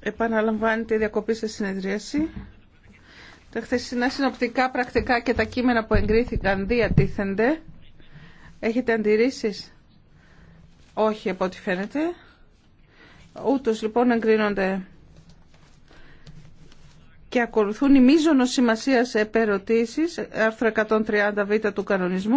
Επαναλαμβάνεται η διακοπή σε συνεδρίαση. Τα χθεσινά συνοπτικά πρακτικά και τα κείμενα που εγκρίθηκαν διατίθενται. Έχετε αντιρρήσεις? Όχι από ό,τι φαίνεται. Ούτως λοιπόν εγκρίνονται και ακολουθούν οι σημασία σημασιας σημασίας επερωτήσεις, άρθρο 130β του κανονισμού,